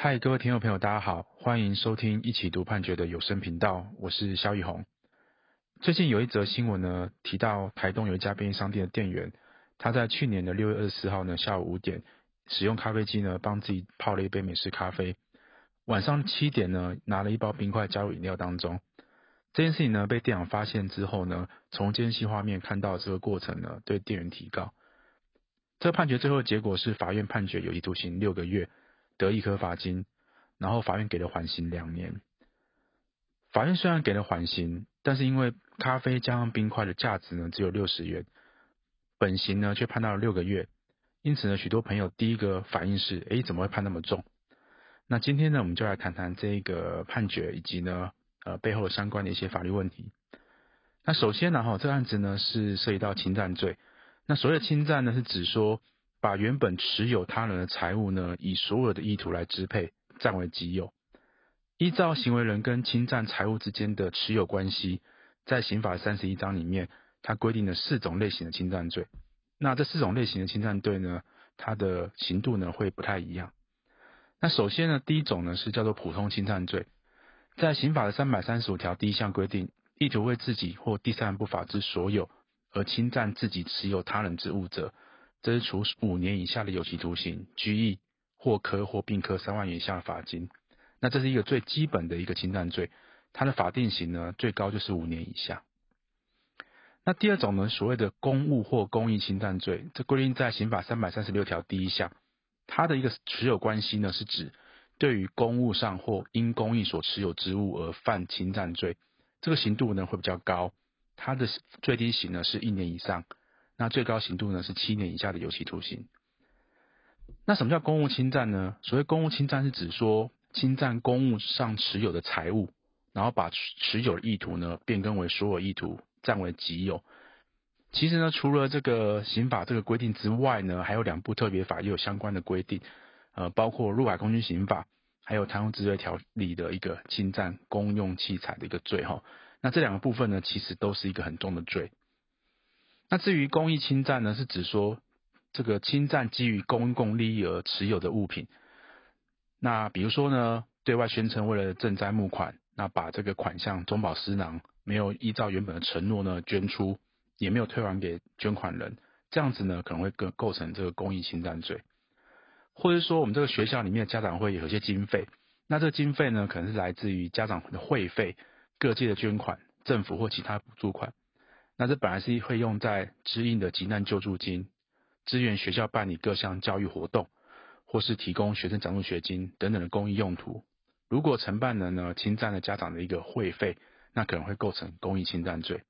嗨，各位聽眾朋友，大家好，歡迎收聽一起讀判決的有聲頻道，我是蕭奕弘。最近有一則新聞呢，提到台東有一家便利商店的店員，他在去年的六月二十四號呢下午五點，使用咖啡機呢幫自己泡了一杯美式咖啡，晚上七點呢拿了一包冰塊加入飲料當中，這件事情呢被店長發現之後呢，從監視畫面看到這個過程呢，對店員提告，這個判決最後的結果是法院判決有期徒刑六個月。得易科罰金，然後法院給了緩刑兩年。法院雖然給了緩刑，但是因為咖啡加上冰塊的價值呢只有六十元，本刑呢卻判到了六個月，因此呢，許多朋友第一個反應是：哎，怎麼會判那麼重？那今天呢，我們就來談談這個判決以及呢，呃，背後的相關的一些法律問題。那首先呢，哈，這個案子呢是涉及到侵占罪。那所謂的侵占呢，是指說，把原本持有他人的財物呢，以所有的意圖來支配，佔為己有。依照行為人跟侵占財物之間的持有關係，在刑法三十一章裡面，它規定了四種類型的侵占罪。那這四種類型的侵占罪呢，它的刑度呢會不太一樣。那首先呢，第一種呢是叫做普通侵占罪，在刑法的三百三十五條第一項規定：意圖為自己或第三人不法之所有而侵占自己持有他人之物者。這是處五年以下的有期徒刑，拘役或科或併科三萬元以下的罰金。那這是一個最基本的一個侵占罪，它的法定刑呢，最高就是五年以下。那第二種呢，所謂的公務或公益侵占罪，這規定在刑法三百三十六條第一項，它的一個持有關係呢，是指對於公務上或因公益所持有之物而犯侵占罪，這個刑度呢會比較高，它的最低刑呢是一年以上。那最高刑度呢是七年以下的有期徒刑。那什麼叫公務侵占呢？所謂公務侵占是指說侵占公務上持有的財物，然後把持持有的意圖呢變更為所有意圖，占為己有。其實呢，除了這個刑法這個規定之外呢，還有兩部特別法也有相關的規定，呃，包括《陸海空軍刑法》還有《貪污治罪條例》的一個侵占公用器材的一個罪哈。那這兩個部分呢，其實都是一個很重的罪。那至於公益侵占呢，是指說這個侵占基於公共利益而持有的物品。那比如說呢，對外宣稱為了賑災募款，那把這個款項中飽私囊，沒有依照原本的承諾呢捐出，也沒有退還給捐款人，這樣子呢可能會構構成這個公益侵占罪。或者說，我們這個學校裡面的家長會有一些經費，那這個經費呢可能是來自於家長的會費、各界的捐款、政府或其他補助款。那這本來是會用在支應的急難救助金、支援學校辦理各項教育活動，或是提供學生獎助學金等等的公益用途。如果承辦人呢侵占了家長的一個會費，那可能會構成公益侵占罪。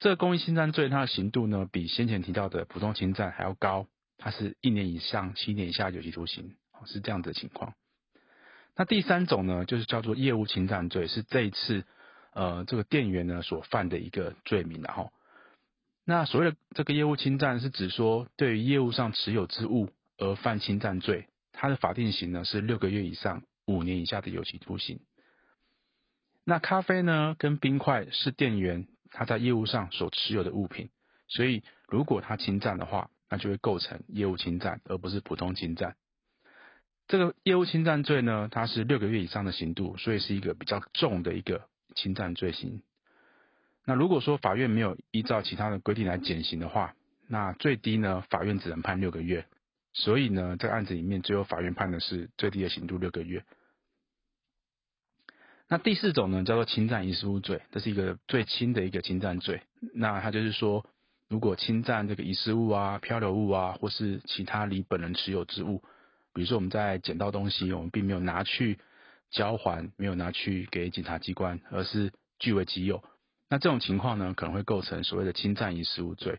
這個公益侵占罪，它的刑度呢比先前提到的普通侵占還要高，它是一年以上七年以下有期徒刑，是這樣子的情況。那第三種呢，就是叫做業務侵占罪，是這一次。呃，這個店員呢，所犯的一個罪名然後、哦，那所謂的這個業務侵占是指說，對於業務上持有之物而犯侵占罪，它的法定刑呢是六個月以上五年以下的有期徒刑。那咖啡呢跟冰塊是店員他在業務上所持有的物品，所以如果他侵占的話，那就會構成業務侵占，而不是普通侵占。這個業務侵占罪呢，它是六個月以上的刑度，所以是一個比較重的一個。侵占罪行。那如果說法院沒有依照其他的規定來減刑的話，那最低呢，法院只能判六個月。所以呢，這個案子裡面最後法院判的是最低的刑度六個月。那第四種呢，叫做侵占遺失物罪，這是一個最輕的一個侵占罪。那他就是說，如果侵占這個遺失物啊、漂流物啊，或是其他離本人持有之物，比如說我們在撿到東西，我們並沒有拿去。交還沒有拿去給檢察機關，而是據為己有。那這種情況呢，可能會構成所謂的侵占遺失物罪。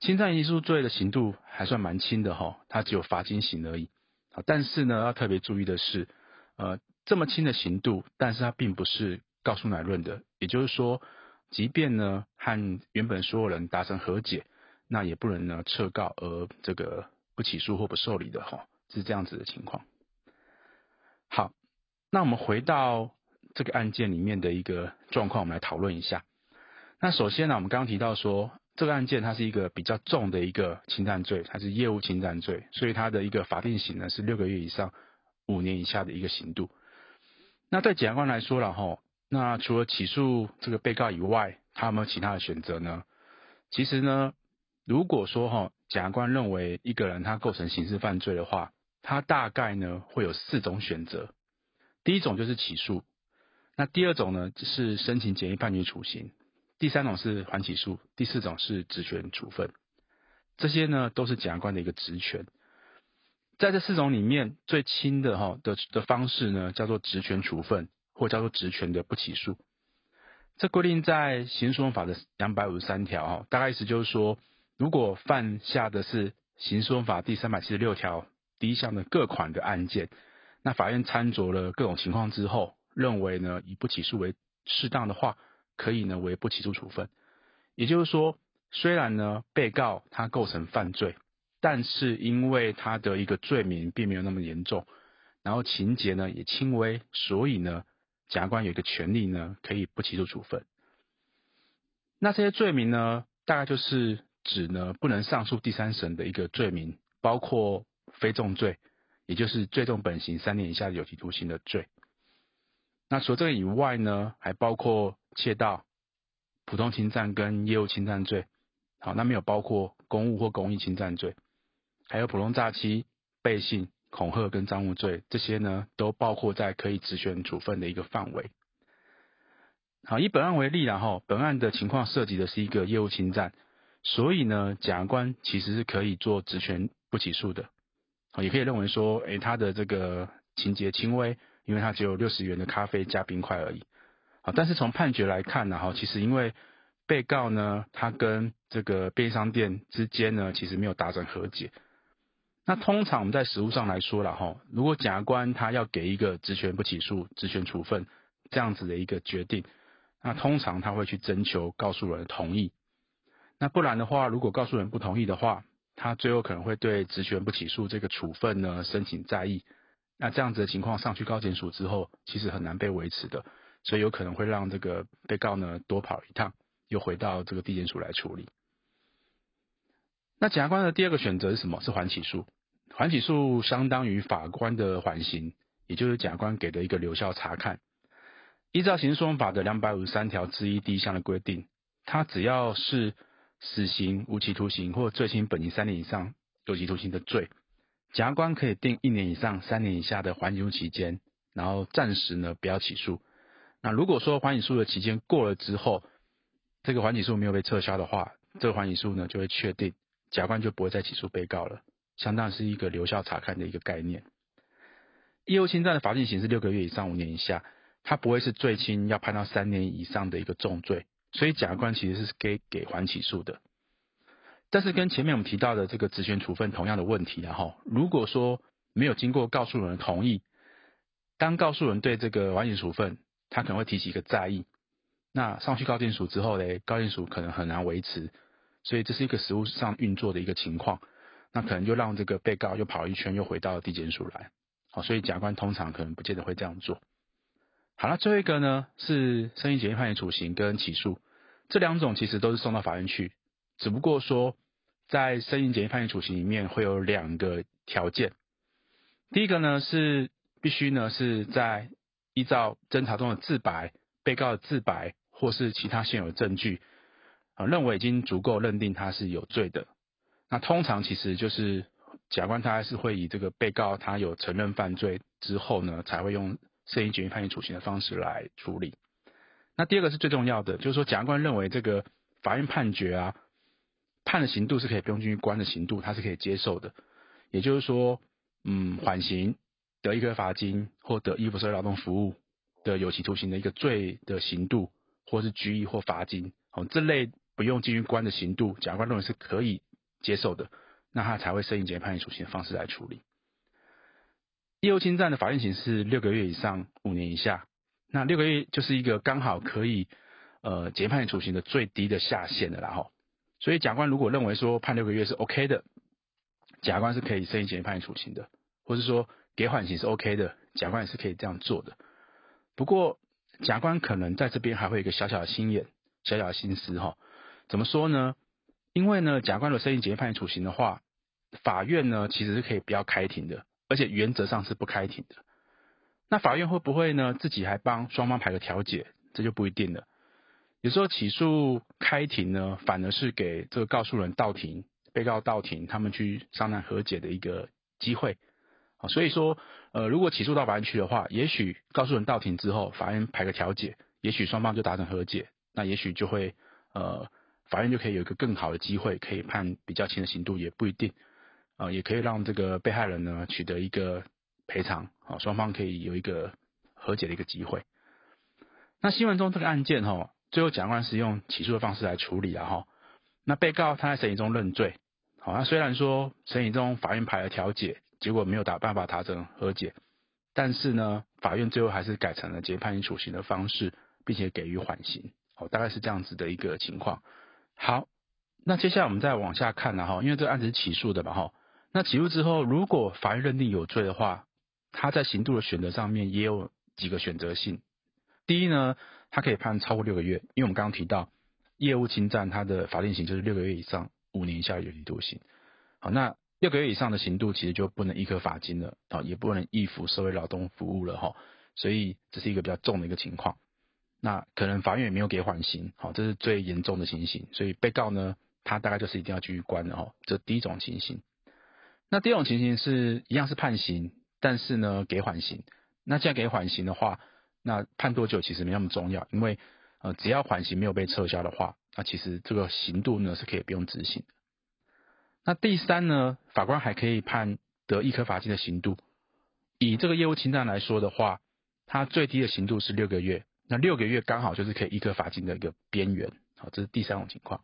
侵占遺失物罪的刑度還算蠻輕的哈，它只有罰金刑而已。好，但是呢，要特別注意的是，呃，這麼輕的刑度，但是它並不是告訴乃論的。也就是說，即便呢和原本所有人達成和解，那也不能呢撤告而這個不起訴或不受理的哈，是這樣子的情況。好。那我們回到這個案件裡面的一個狀況，我們來討論一下。那首先呢，我們剛剛提到說，這個案件它是一個比較重的一個侵占罪，它是業務侵占罪，所以它的一個法定刑呢是六個月以上五年以下的一個刑度。那對檢察官來說了哈，那除了起訴這個被告以外，他有沒有其他的選擇呢？其實呢，如果說哈、哦，檢察官認為一個人他構成刑事犯罪的話，他大概呢會有四種選擇。第一種就是起訴，那第二種呢、就是申請簡易判決處刑，第三種是緩起訴，第四種是職權處分，這些呢都是檢察官的一個職權。在這四種裡面，最輕的哈、哦、的的方式呢叫做職權處分，或叫做職權的不起訴。這規定在刑訴法的兩百五十三條哈、哦，大概意思就是說，如果犯下的是刑訴法第三百七十六條第一項的各款的案件。那法院參酌了各種情況之後，認為呢以不起訴為適當的話，可以呢為不起訴處分。也就是說，雖然呢被告他構成犯罪，但是因為他的一個罪名並沒有那麼嚴重，然後情節呢也輕微，所以呢檢察官有一個權利呢可以不起訴處分。那這些罪名呢，大概就是指呢不能上訴第三審的一個罪名，包括非重罪。也就是最重本刑三年以下有期徒刑的罪。那除了這個以外呢，還包括竊盜、普通侵占跟業務侵占罪。好，那沒有包括公務或公益侵占罪，還有普通詐欺、背信、恐嚇跟贓物罪，這些呢都包括在可以職權處分的一個範圍。好，以本案為例啦，然後本案的情況涉及的是一個業務侵占，所以呢，檢察官其實是可以做職權不起訴的。也可以認為說，誒、欸，他的這個情節輕微，因為他只有六十元的咖啡加冰塊而已。好，但是從判決來看呢，哈，其實因為被告呢，他跟這個便利商店之間呢，其實沒有達成和解。那通常我們在實務上來說啦，哈，如果檢察官他要給一個職權不起訴、職權處分這樣子的一個決定，那通常他會去徵求告訴人的同意。那不然的話，如果告訴人不同意的話，他最後可能會對職權不起訴這個處分呢申請再議，那這樣子的情況上去高檢署之後，其實很難被維持的，所以有可能會讓這個被告呢多跑一趟，又回到這個地檢署來處理。那檢察官的第二個選擇是什麼？是緩起訴。緩起訴相當於法官的緩刑，也就是檢察官給的一個留校察看。依照刑事訴訟法的兩百五十三條之一第一項的規定，他只要是死刑、無期徒刑或最輕本刑三年以上有期徒刑的罪，檢察官可以定一年以上三年以下的緩起訴期間，然後暫時呢不要起訴。那如果說緩起訴的期間過了之後，這個緩起訴沒有被撤銷的話，這個緩起訴呢就會確定，檢察官就不會再起訴被告了，相當是一個留校察看的一個概念。業務侵占的法定刑是六個月以上五年以下，它不會是最輕要判到三年以上的一個重罪。所以假官其實是給給緩起訴的，但是跟前面我們提到的這個職權處分同樣的問題然、啊、後如果說沒有經過告訴人的同意，當告訴人對這個還警處分，他可能會提起一個再議，那上去高檢署之後咧，高檢署可能很難維持，所以這是一個實務上運作的一個情況，那可能就讓這個被告又跑一圈，又回到了地檢署來，好，所以甲官通常可能不見得會這樣做。好了，那最後一個呢是聲請簡易判決處刑跟起訴這兩種，其實都是送到法院去，只不過說在聲請簡易判決處刑裡面會有兩個條件。第一個呢是必須呢是在依照偵查中的自白、被告的自白或是其他現有的證據啊，認為已經足夠認定他是有罪的。那通常其實就是假官他還是會以這個被告他有承認犯罪之後呢才會用。適用簡易判決處刑的方式來處理。那第二個是最重要的，就是說檢察官認為這個法院判決啊，判的刑度是可以不用進去關的刑度，他是可以接受的。也就是說，嗯，緩刑，得易科罰金，或得易服社會勞動服務的有期徒刑的一個罪的刑度，或是拘役或罰金，哦，這類不用進去關的刑度，檢察官認為是可以接受的，那他才會適用簡易判決處刑的方式來處理。業務侵佔的法定刑是六個月以上五年以下，那六個月就是一個剛好可以呃，簡易判決處刑的最低的下限的啦齁，所以，法官如果認為說判六個月是 OK 的，法官是可以逕以簡易判決處刑的，或者說給緩刑是 OK 的，法官也是可以這樣做的。不過，法官可能在這邊還會有一個小小的心眼、小小的心思哈。怎麼說呢？因為呢，法官如果逕以簡易判決處刑的話，法院呢其實是可以不要開庭的。而且原則上是不開庭的，那法院會不會呢？自己還幫雙方排個調解，這就不一定了。有時候起訴開庭呢，反而是給這個告訴人到庭、被告到庭，他們去商量和解的一個機會。啊，所以說，呃，如果起訴到法院去的話，也許告訴人到庭之後，法院排個調解，也許雙方就達成和解，那也許就會呃，法院就可以有一個更好的機會，可以判比較輕的刑度，也不一定。啊，也可以讓這個被害人呢，取得一個賠償，啊，雙方可以有一個和解的一個機會。那新聞中這個案件吼，最後檢察官是用起訴的方式來處理了、啊、哈。那被告他在審理中認罪，好，那雖然說審理中法院排了調解，結果沒有打辦法達成和解，但是呢，法院最後還是改成了簡易判決處刑的方式，並且給予緩刑，好，大概是這樣子的一個情況。好，那接下來我們再往下看了、啊、哈，因為這個案子是起訴的嘛哈。那起訴之後，如果法院認定有罪的話，他在刑度的選擇上面也有幾個選擇性。第一呢，他可以判超過六個月，因為我們剛剛提到業務侵佔，他的法定刑就是六個月以上五年以下有期徒刑。好，那六個月以上的刑度其實就不能易科罰金了，啊，也不能易服社會勞動服務了哈。所以這是一個比較重的一個情況。那可能法院也沒有給緩刑，好，這是最嚴重的情形。所以被告呢，他大概就是一定要繼續關的哈。這第一種情形。那第二種情形是一樣是判刑，但是呢，給緩刑。那既然給緩刑的話，那判多久其實沒那麼重要，因為呃只要緩刑沒有被撤銷的話，那其實這個刑度呢是可以不用執行的。那第三呢，法官還可以判得易科罰金的刑度。以這個業務侵佔來說的話，它最低的刑度是六個月，那六個月剛好就是可以易科罰金的一個邊緣。好，這是第三種情況。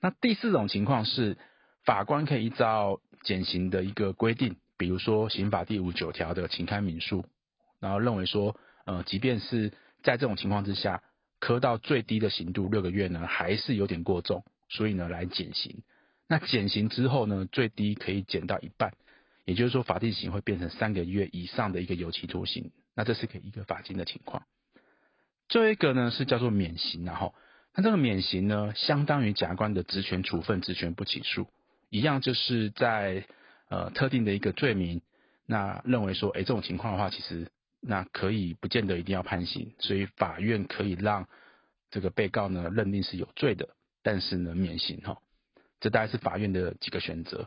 那第四種情況是法官可以依照減刑的一個規定，比如說刑法第五九條的情堪憫恕，然後認為說，呃，即便是在這種情況之下，科到最低的刑度六個月呢，還是有點過重，所以呢來減刑。那減刑之後呢，最低可以減到一半，也就是說法定刑會變成三個月以上的一個有期徒刑。那這是一個罰金的情況。最後一個呢是叫做免刑，啊，然後那這個免刑呢，相當於檢察官，的職權處分，職權不起訴。一樣就是在呃特定的一個罪名，那認為說，誒，這種情況的話，其實那可以不見得一定要判刑，所以法院可以讓這個被告呢認定是有罪的，但是呢免刑哈。這大概是法院的幾個選擇。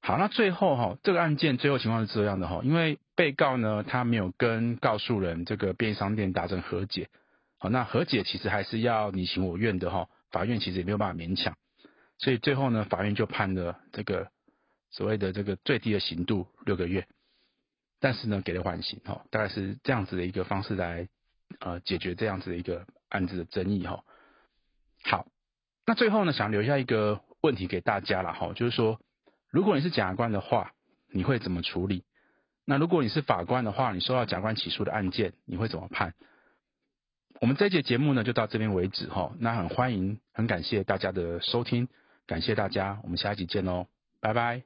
好，那最後哈，這個案件最後情況是這樣的哈，因為被告呢他沒有跟告訴人這個便利商店達成和解，好，那和解其實還是要你情我願的哈，法院其實也沒有辦法勉強。所以最後呢，法院就判了這個所謂的這個最低的刑度六個月，但是呢給了緩刑哦，大概是這樣子的一個方式來呃解決這樣子的一個案子的爭議哈。好，那最後呢想留下一個問題給大家了哈，就是說如果你是檢察官的話，你會怎麼處理？那如果你是法官的話，你收到檢察官起訴的案件，你會怎麼判？我們這節節目呢就到這邊為止哈。那很歡迎，很感謝大家的收聽。感謝大家，我們下一集見咯，拜拜。